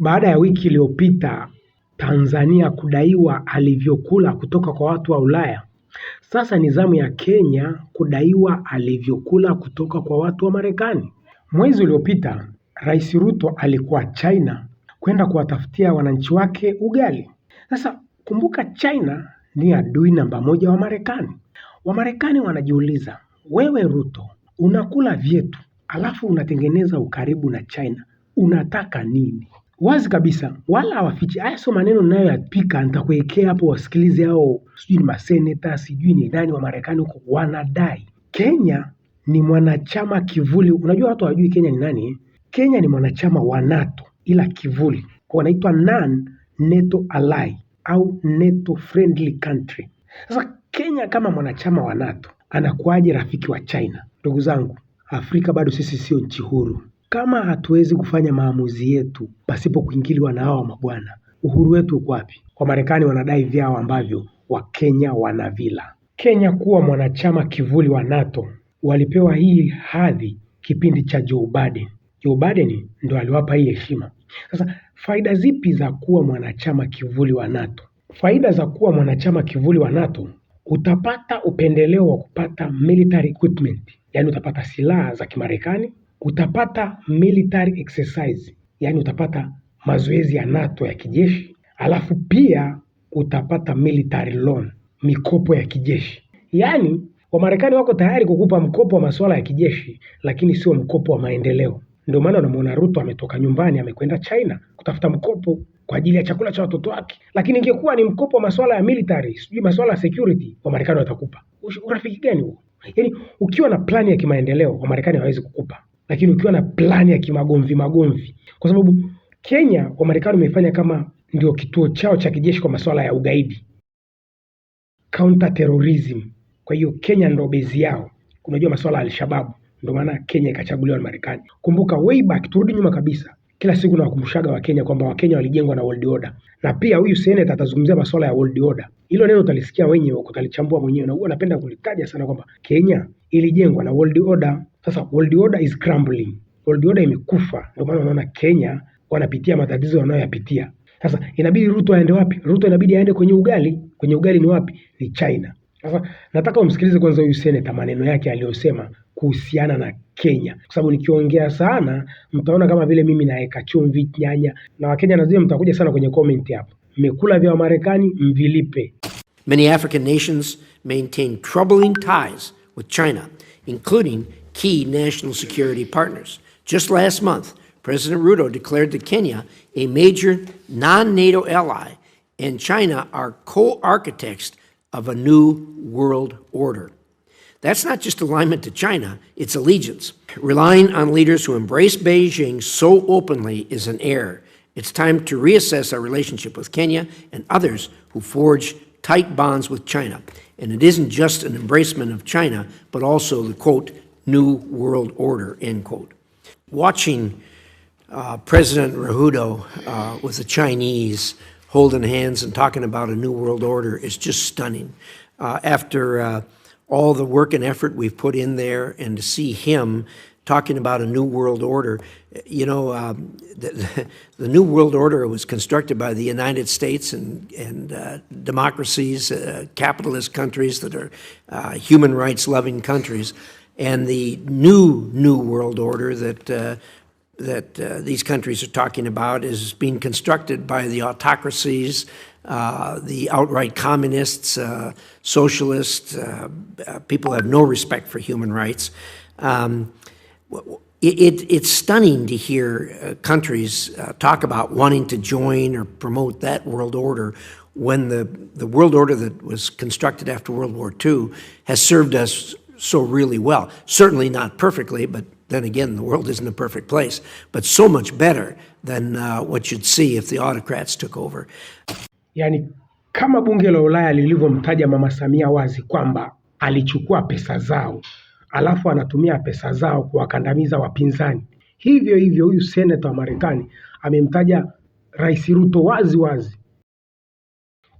Baada ya wiki iliyopita Tanzania kudaiwa alivyokula kutoka kwa watu wa Ulaya, sasa ni zamu ya Kenya kudaiwa alivyokula kutoka kwa watu wa Marekani. Mwezi uliopita Rais Ruto alikuwa China kwenda kuwatafutia wananchi wake ugali. Sasa kumbuka, China ni adui namba moja wa Marekani. Wamarekani wanajiuliza, wewe Ruto unakula vyetu alafu unatengeneza ukaribu na China, unataka nini? wazi kabisa, wala hawafichi. Haya sio maneno ninayoyapika, nitakuwekea hapo wasikilize hao, sijui ni maseneta, sijui ni nani wa Marekani huko, wanadai Kenya ni mwanachama kivuli. Unajua watu hawajui Kenya ni nani. Kenya ni mwanachama wa NATO ila kivuli, kwa wanaitwa non NATO ally au NATO friendly country. Sasa Kenya kama mwanachama wa NATO anakuwaje rafiki wa China? Ndugu zangu, Afrika bado sisi sio nchi huru. Kama hatuwezi kufanya maamuzi yetu pasipo kuingiliwa na hawa mabwana, uhuru wetu uko wapi? Wamarekani wanadai vyao ambavyo Wakenya wanavila. Kenya kuwa mwanachama kivuli wa NATO walipewa hii hadhi kipindi cha Joe Biden. Joe Biden ndo aliwapa hii heshima. Sasa faida zipi za kuwa mwanachama kivuli wa NATO? Faida za kuwa mwanachama kivuli wa NATO, utapata upendeleo wa kupata military equipment, yaani utapata silaha za Kimarekani, utapata military exercise, yani utapata mazoezi ya NATO ya kijeshi, alafu pia utapata military loan, mikopo ya kijeshi. yani Wamarekani wako tayari kukupa mkopo wa masuala ya kijeshi, lakini sio mkopo wa maendeleo. Ndio maana unamuona Ruto ametoka nyumbani amekwenda China kutafuta mkopo kwa ajili ya chakula cha watoto wake, lakini ingekuwa ni mkopo wa masuala ya military, sijui masuala ya security, Wamarekani watakupa. Urafiki gani huo? Yaani ukiwa na plani ya kimaendeleo, Wamarekani hawawezi kukupa lakini ukiwa na plani ya kimagomvi magomvi, kwa sababu Kenya Wamarekani wameifanya kama ndio kituo chao cha kijeshi kwa masuala ya ugaidi, counter terrorism. Kwa hiyo Kenya ndo bezi yao. Unajua masuala ya Alshababu, ndo maana Kenya ikachaguliwa na Marekani. Kumbuka way back, turudi nyuma kabisa kila siku nawakumbushaga Wakenya kwamba Wakenya walijengwa na world order, na pia huyu seneta atazungumzia masuala ya world order. Hilo neno utalisikia wenyewe, utalichambua mwenyewe, na huwa napenda kulitaja sana kwamba Kenya ilijengwa na world order. Sasa world order is crumbling, world order imekufa. Ndio maana unaona Kenya wanapitia matatizo wanayoyapitia. Sasa inabidi Ruto aende wapi? Ruto inabidi aende kwenye ugali. Kwenye ugali ni wapi? Ni China. Sasa nataka umsikilize kwanza huyu seneta maneno yake aliyosema kuhusiana na Kenya, kwa sababu nikiongea sana mtaona kama vile mimi naeka chumvi, nyanya na Wakenya nazile mtakuja sana kwenye comment hapo, mmekula vya Wamarekani mvilipe. Many African nations maintain troubling ties with China including key national security partners. Just last month, President Ruto declared that Kenya, a major non NATO ally, and China are co architects of a new world order. That's not just alignment to China, it's allegiance. Relying on leaders who embrace Beijing so openly is an error. It's time to reassess our relationship with Kenya and others who forge tight bonds with China. And it isn't just an embracement of China, but also the quote, new world order, end quote. Watching uh, President Rahudo uh, with the Chinese holding hands and talking about a new world order is just stunning. Uh, after uh, all the work and effort we've put in there, and to see him talking about a new world order, you know, um, the, the, new world order was constructed by the United States and, and uh, democracies, uh, capitalist countries that are uh, human rights loving countries and the new new world order that uh, that uh, these countries are talking about is being constructed by the autocracies, uh, the outright communists, uh, socialists, uh, uh, people have no respect for human rights. Um, it, it, it's stunning to hear countries talk about wanting to join or promote that world order when the, the world order that was constructed after World War II has served us so really well. Certainly not perfectly, but then again, the world isn't a perfect place, but so much better than uh, what you'd see if the autocrats took over. Yani, kama bunge la Ulaya lilivyomtaja Mama Samia wazi kwamba alichukua pesa zao alafu anatumia pesa zao kuwakandamiza wapinzani, hivyo hivyo huyu seneta wa Marekani amemtaja Rais Ruto wazi wazi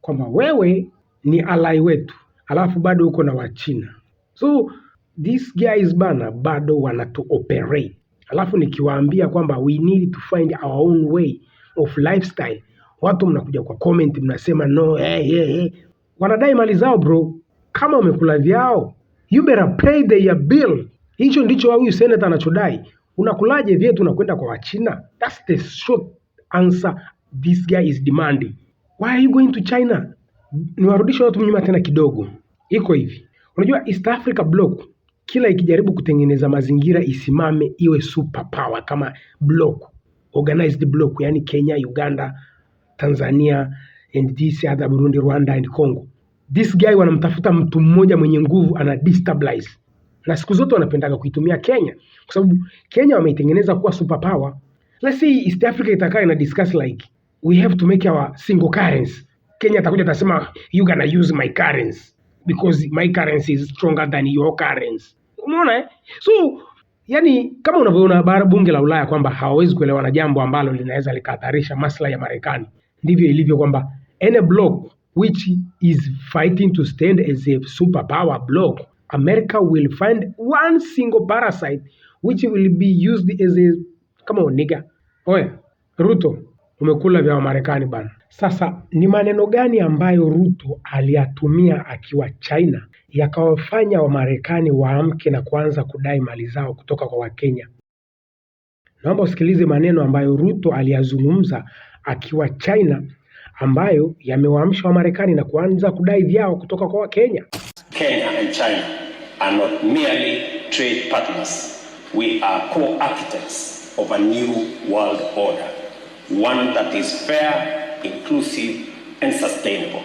kwamba wewe ni alai wetu, alafu bado uko na Wachina So these guys bana bado wanatu operate. Alafu nikiwaambia kwamba we need to find our own way of lifestyle, watu mnakuja kwa comment mnasema no, eh, eh, hey. Eh. Wanadai mali zao bro, kama umekula vyao you better pay their bill. Hicho ndicho huyu senator anachodai. Unakulaje vyetu na kwenda kwa Wachina? That's the short answer this guy is demanding. Why are you going to China? Niwarudishe watu nyuma tena kidogo, iko hivi Unajua East Africa block kila ikijaribu kutengeneza mazingira isimame iwe super power kama block, organized block, yani Kenya, Uganda, Tanzania and this other Burundi, Rwanda and Congo. This guy wanamtafuta mtu mmoja mwenye nguvu ana destabilize. Na siku zote wanapendaga kuitumia Kenya kwa sababu Kenya wameitengeneza kuwa super power. Let's see East Africa itakaa ina discuss like we have to make our single currency. Kenya atakuja atasema you gonna use my currency because my currency is stronger than your currency. Umeona eh? So yani, kama unavyoona bara bunge la Ulaya kwamba hawawezi kuelewa na jambo ambalo linaweza likahatarisha maslahi ya Marekani, ndivyo ilivyo kwamba any block which is fighting to stand as a superpower block America will find one single parasite which will be used as a come on nigga. Oya, Ruto umekula vya Wamarekani bana. Sasa ni maneno gani ambayo Ruto aliyatumia akiwa China yakawafanya Wamarekani waamke na kuanza kudai mali zao kutoka kwa Wakenya? Naomba usikilize maneno ambayo Ruto aliyazungumza akiwa China ambayo yamewaamsha Wamarekani na kuanza kudai vyao kutoka kwa Wakenya. Kenya and China are not merely trade partners. We are co-architects of a new world order one that is fair, inclusive, and sustainable.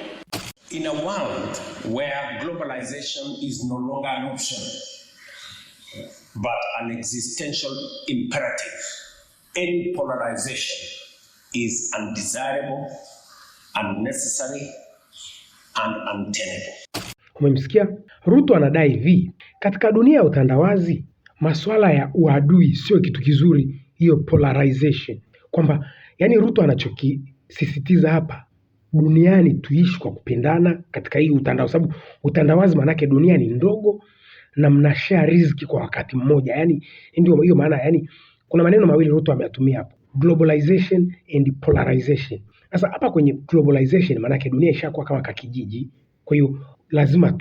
In a world where globalization is no longer an option, but an existential imperative, any polarization is undesirable, unnecessary, and untenable. Umemsikia? Ruto anadai hivi, katika dunia ya utandawazi, masuala ya uadui sio kitu kizuri, hiyo polarization, kwamba Yaani Ruto anachokisisitiza hapa, duniani tuishi kwa kupendana katika hii utandao, sababu utandawazi maanake dunia ni ndogo na mnashare riziki kwa wakati mmoja. Yaani ndio hiyo maana, yaani kuna maneno mawili Ruto ameyatumia hapo, globalization and polarization. Sasa hapa kwenye globalization maanake dunia ishakuwa kama kakijiji, kwa hiyo lazima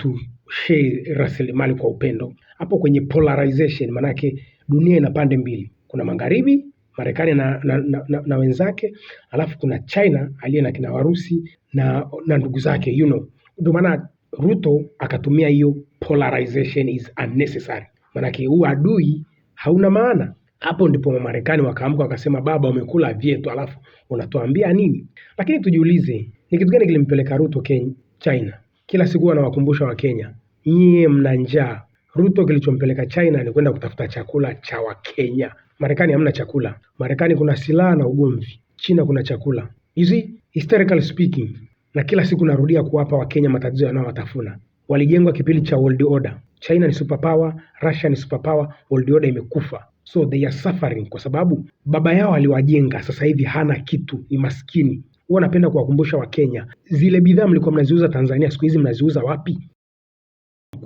share rasilimali kwa upendo. Hapo kwenye polarization maanake dunia ina pande mbili, kuna magharibi Marekani na, na, na, na wenzake, alafu kuna China aliye na kina Warusi na, na ndugu zake you know. Ndio maana Ruto akatumia hiyo polarization is unnecessary, maanake huu adui hauna maana. Hapo ndipo Marekani wakaamka wakasema, baba, umekula vyetu alafu unatuambia nini? Lakini tujiulize ni kitu gani kilimpeleka Ruto Kenya, China? Kila siku anawakumbusha Wakenya, nyie mna njaa. Ruto kilichompeleka China ni kwenda kutafuta chakula cha Wakenya. Marekani hamna chakula. Marekani kuna silaha na ugomvi. China kuna chakula. Hizi historical speaking, na kila siku narudia kuwapa Wakenya matatizo yanayowatafuna. Walijengwa kipindi cha world order. China ni superpower, Russia ni superpower, world order imekufa. So they are suffering kwa sababu baba yao aliwajenga, sasa hivi hana kitu, ni maskini. Huwa napenda kuwakumbusha Wakenya, zile bidhaa mlikuwa mnaziuza Tanzania, siku hizi mnaziuza wapi?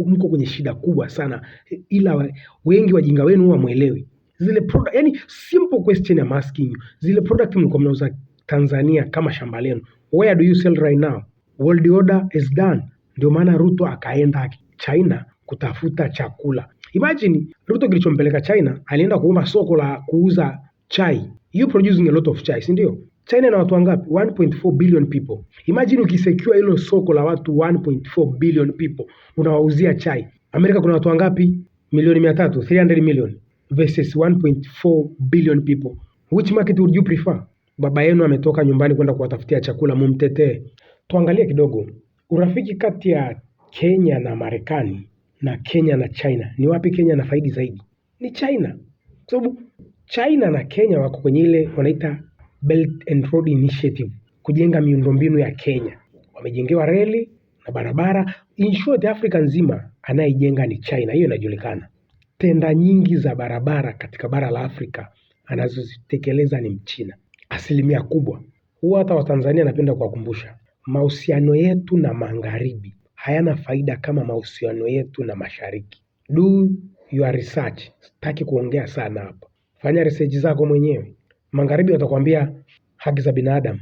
Mko kwenye shida kubwa sana, ila wengi wajinga wenu huwa mwelewi zile product, yani simple question I'm asking you, zile product mlikuwa mnauza Tanzania kama shamba lenu, where do you sell right now? World order is done. Ndio maana Ruto akaenda China kutafuta chakula. Imagine Ruto kilichompeleka China, alienda kuomba soko la kuuza chai. You producing a lot of chai, si ndio? China ina watu wangapi? 1.4 billion people. Imagine ukisecure hilo soko la watu 1.4 billion people, unawauzia chai. Amerika kuna watu wangapi? Milioni 300, 300 million versus 1.4 billion people. Which market would you prefer? Baba yenu ametoka nyumbani kwenda kuwatafutia chakula, mumtetee. Tuangalie kidogo urafiki kati ya Kenya na Marekani na Kenya na China. Ni wapi Kenya na faidi zaidi? Ni China, kwa sababu China na Kenya wako kwenye ile wanaita Belt and Road Initiative, kujenga miundombinu ya Kenya. Wamejengewa reli na barabara. In short, Afrika nzima anayejenga ni China, hiyo inajulikana tenda nyingi za barabara katika bara la Afrika anazozitekeleza ni mchina asilimia kubwa. Huwa hata Watanzania napenda kuwakumbusha, mahusiano yetu na magharibi hayana faida kama mahusiano yetu na mashariki. Do your research, sitaki kuongea sana hapa, fanya research zako mwenyewe. Magharibi watakwambia haki za binadamu,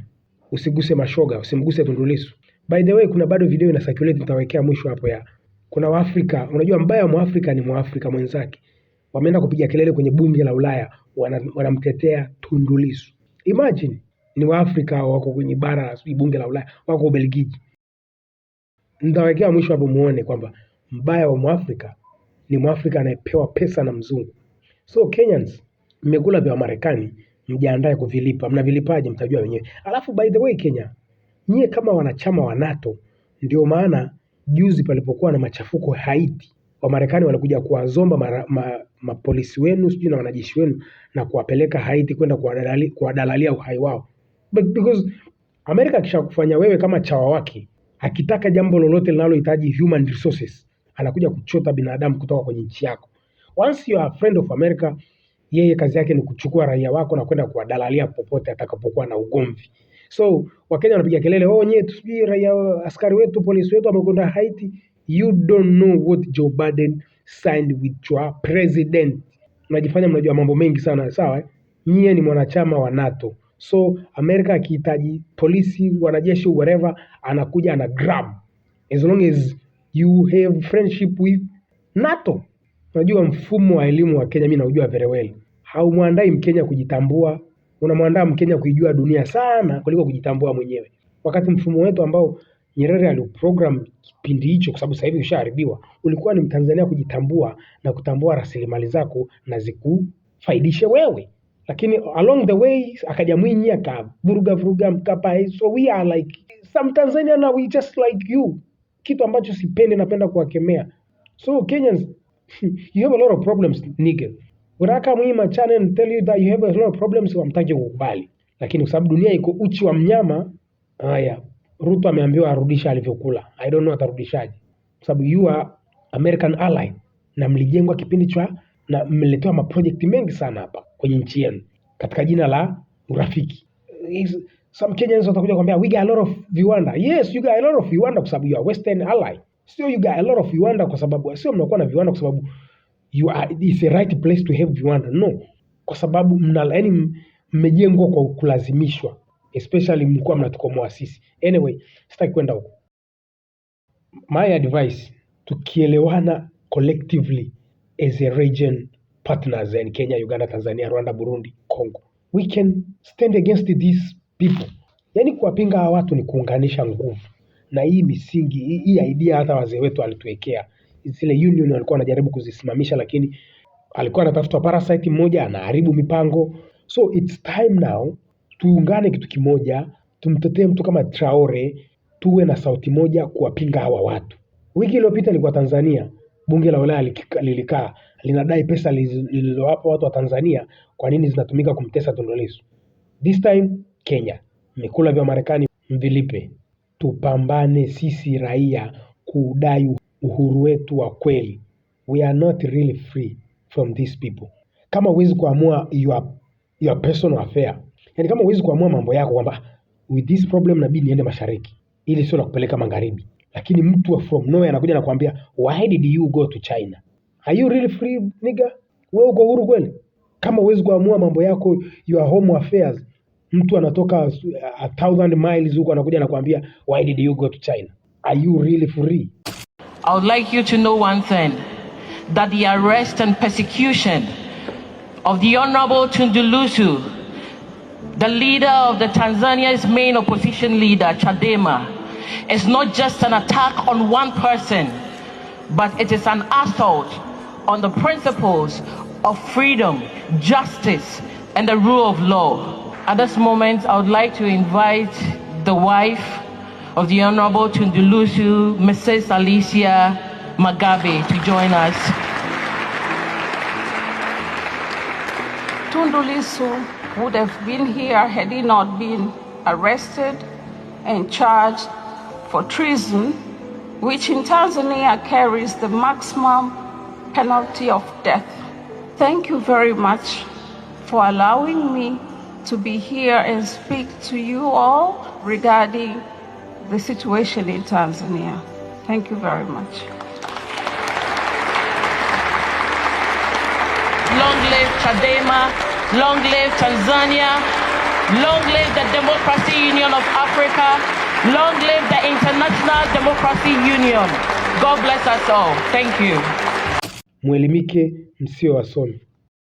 usiguse mashoga, usimguse Tundu Lissu. By the way, kuna bado video ina circulate nitawekea mwisho hapo ya kuna Waafrika, unajua mbaya wa Mwafrika ni Mwafrika mwenzake, wameenda kupiga kelele kwenye bunge la Ulaya wanamtetea Tundu Lissu. Imagine ni Waafrika wako kwenye bara la bunge la Ulaya, wako Ubelgiji. Nitawekea mwisho hapo muone kwamba mbaya wa Mwafrika ni Mwafrika anayepewa pesa na mzungu. So Kenyans, mmekula vya Wamarekani, mjiandae kuvilipa. Mnavilipaje? Mtajua wenyewe. Alafu by the way Kenya, nyie kama wanachama wa NATO, ndio maana juzi palipokuwa na machafuko Haiti, Wamarekani walikuja kuwazomba mapolisi ma, mapolisi wenu sijui na wanajeshi wenu na kuwapeleka Haiti kwenda kuwadalalia uhai wao, but because Amerika akishakufanya wewe kama chawa wake, akitaka jambo lolote linalohitaji human resources anakuja kuchota binadamu kutoka kwenye nchi yako. Once you are a friend of America yeye kazi yake ni kuchukua raia wako na kwenda kuwadalalia popote atakapokuwa na ugomvi. So Wakenya wanapiga kelele, oh nyie tusijui raia askari wetu polisi wetu wamekwenda Haiti. You don't know what Joe Biden signed with your president. Unajifanya mnajua mambo mengi sana, sawa? eh? Nyie ni mwanachama wa NATO, so Amerika akihitaji polisi, wanajeshi, whatever, anakuja ana grab as long as you have friendship with NATO. Unajua mfumo wa elimu wa Kenya mi naujua very well haumwandai Mkenya kujitambua, unamwandaa Mkenya kuijua dunia sana kuliko kujitambua mwenyewe. Wakati mfumo wetu ambao Nyerere aliuprogram kipindi hicho, kwa sababu sasa hivi ushaharibiwa, ulikuwa ni Mtanzania kujitambua na kutambua rasilimali zako na zikufaidishe wewe, lakini along the way akaja Mwinyi akavuruga vuruga Mkapa, so we are like some Tanzania now we just like you, kitu ambacho sipendi, napenda kuwakemea. So Kenyans you have a lot of problems nigga. Uraka mwima channel and tell you that you have a lot of problems wamtaki kukubali. Lakini kwa sababu dunia iko uchi wa mnyama, haya Ruto ameambiwa arudisha alivyokula. I don't know atarudishaje. Kwa sababu you are American ally na mlijengwa kipindi cha na mmeletewa maproject mengi sana hapa kwenye nchi yenu katika jina la urafiki. Some Kenyans watakuja kwambia we got a lot of viwanda. Yes, you got a lot of viwanda kwa sababu you are western ally. Sio you got a lot of viwanda kwa sababu sio mnakuwa na viwanda kwa sababu you are, it's the right place to have viwanda no, kwa sababu mna yani mmejengwa kwa kulazimishwa, especially mlikuwa mnatukomoa sisi. Anyway, sitaki kwenda huko. My advice, tukielewana collectively as a region partners, in Kenya, Uganda, Tanzania, Rwanda, Burundi, Congo, we can stand against these people. Yani kuwapinga hawa watu ni kuunganisha nguvu, na hii misingi hii idea hata wazee wetu walituwekea zile union walikuwa wanajaribu kuzisimamisha, lakini alikuwa anatafutwa parasite mmoja anaharibu mipango. So it's time now tuungane kitu kimoja, tumtetee mtu kama Traore, tuwe na sauti moja kuwapinga hawa watu. Wiki iliyopita ilikuwa Tanzania, bunge la Ulaya lilikaa linadai pesa lililowapa watu wa Tanzania kwa nini zinatumika kumtesa Tundu Lissu. This time Kenya, mikula vya Marekani mvilipe. Tupambane sisi raia kudai uhuru wetu wa kweli. We are not really free from these people. Kama huwezi kuamua your, your personal affair, yani kama huwezi kuamua mambo yako kwamba with this problem nabidi niende mashariki ili sio la kupeleka magharibi, lakini mtu wa from nowhere anakuja nakwambia why did you go to China? Are you really free nigga? Wewe uko huru kweli? Kama huwezi kuamua mambo yako your home affairs, mtu anatoka a thousand miles huko anakuja nakwambia why did you go to China? Are you really free? I would like you to know one thing that the arrest and persecution of the Honorable Tundulusu, the leader of the Tanzania's main opposition leader, Chadema, is not just an attack on one person, but it is an assault on the principles of freedom, justice, and the rule of law. At this moment, I would like to invite the wife of the Honorable Tundulusu Mrs. Alicia Magabe to join us. Tundulisu would have been here had he not been arrested and charged for treason, which in Tanzania carries the maximum penalty of death. Thank you very much for allowing me to be here and speak to you all regarding the situation in Tanzania. Thank you very much. Long live Chadema, long live Tanzania, long live the Democracy Union of Africa, long live the International Democracy Union. God bless us all. Thank you. Mwelimike msio wasomi.